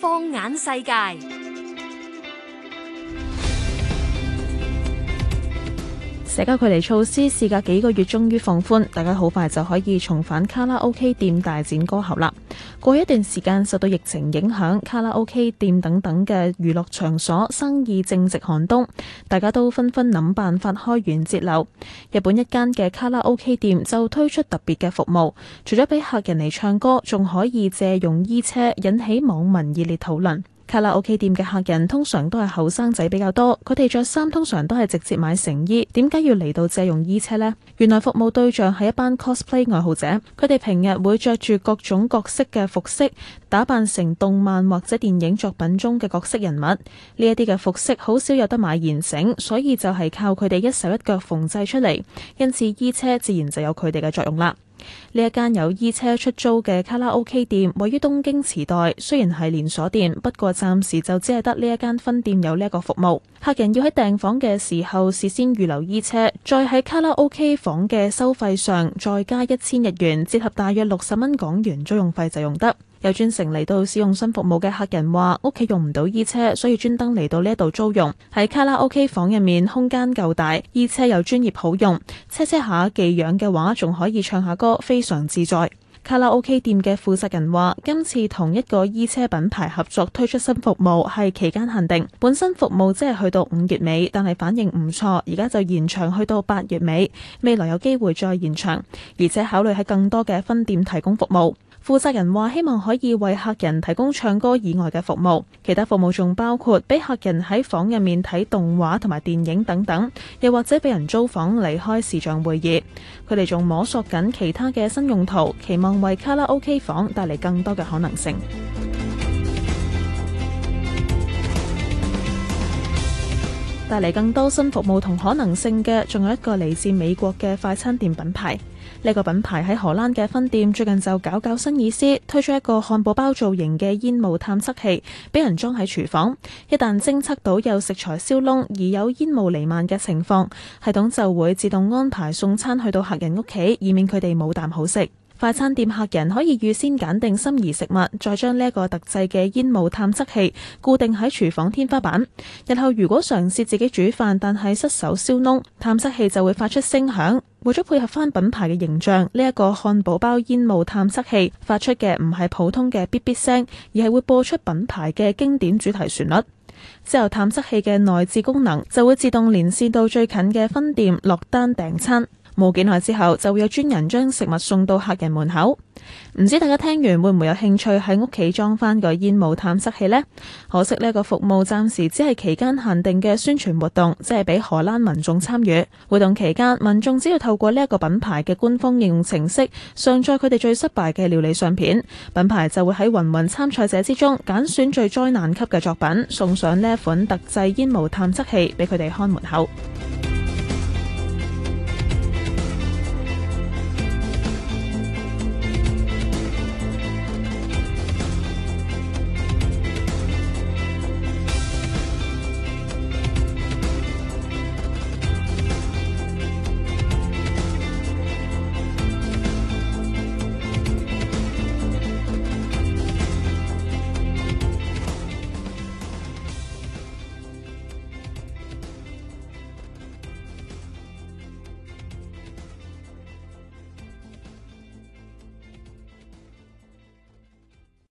放眼世界。社交距離措施事隔幾個月終於放寬，大家好快就可以重返卡拉 OK 店大展歌喉啦。過一段時間受到疫情影響，卡拉 OK 店等等嘅娛樂場所生意正值寒冬，大家都紛紛諗辦法開源節流。日本一間嘅卡拉 OK 店就推出特別嘅服務，除咗俾客人嚟唱歌，仲可以借用衣車，引起網民熱烈討論。卡拉 OK 店嘅客人通常都係後生仔比較多，佢哋着衫通常都係直接買成衣，點解要嚟到借用衣車呢？原來服務對象係一班 cosplay 愛好者，佢哋平日會着住各種角色嘅服飾，打扮成動漫或者電影作品中嘅角色人物。呢一啲嘅服飾好少有得買現成，所以就係靠佢哋一手一腳縫製出嚟，因此衣車自然就有佢哋嘅作用啦。呢一間有衣車出租嘅卡拉 OK 店位於東京池袋，雖然係連鎖店，不過暫時就只係得呢一間分店有呢一個服務。客人要喺訂房嘅時候事先預留衣車，再喺卡拉 OK 房嘅收費上再加一千日元，折合大約六十蚊港元租用費就用得。有專程嚟到使用新服務嘅客人話：屋企用唔到衣車，所以專登嚟到呢一度租用。喺卡拉 OK 房入面，空間夠大，衣車又專業好用，車車下寄養嘅話，仲可以唱下歌，非常自在。卡拉 OK 店嘅負責人話：今次同一個衣車品牌合作推出新服務係期間限定，本身服務只係去到五月尾，但係反應唔錯，而家就延長去到八月尾，未來有機會再延長，而且考慮喺更多嘅分店提供服務。負責人話：希望可以為客人提供唱歌以外嘅服務，其他服務仲包括俾客人喺房入面睇動畫同埋電影等等，又或者俾人租房嚟開視像會議。佢哋仲摸索緊其他嘅新用途，期望為卡拉 OK 房帶嚟更多嘅可能性。帶嚟更多新服務同可能性嘅，仲有一個嚟自美國嘅快餐店品牌。呢、這個品牌喺荷蘭嘅分店最近就搞搞新意思，推出一個漢堡包造型嘅煙霧探測器，俾人裝喺廚房。一旦偵測到有食材燒燶而有煙霧彌漫嘅情況，系統就會自動安排送餐去到客人屋企，以免佢哋冇啖好食。快餐店客人可以預先揀定心儀食物，再將呢一個特製嘅煙霧探測器固定喺廚房天花板。日後如果嘗試自己煮飯，但係失手燒燶，探測器就會發出聲響。為咗配合翻品牌嘅形象，呢一個漢堡包煙霧探測器發出嘅唔係普通嘅嗶嗶聲，而係會播出品牌嘅經典主題旋律。之後探測器嘅內置功能就會自動連線到最近嘅分店落單訂餐。冇幾耐之後，就會有專人將食物送到客人門口。唔知大家聽完會唔會有興趣喺屋企裝翻個煙霧探測器呢？可惜呢一個服務暫時只係期間限定嘅宣傳活動，只係俾荷蘭民眾參與。活動期間，民眾只要透過呢一個品牌嘅官方應用程式，上載佢哋最失敗嘅料理相片，品牌就會喺芸芸參賽者之中揀選最災難級嘅作品，送上呢款特製煙霧探測器俾佢哋看門口。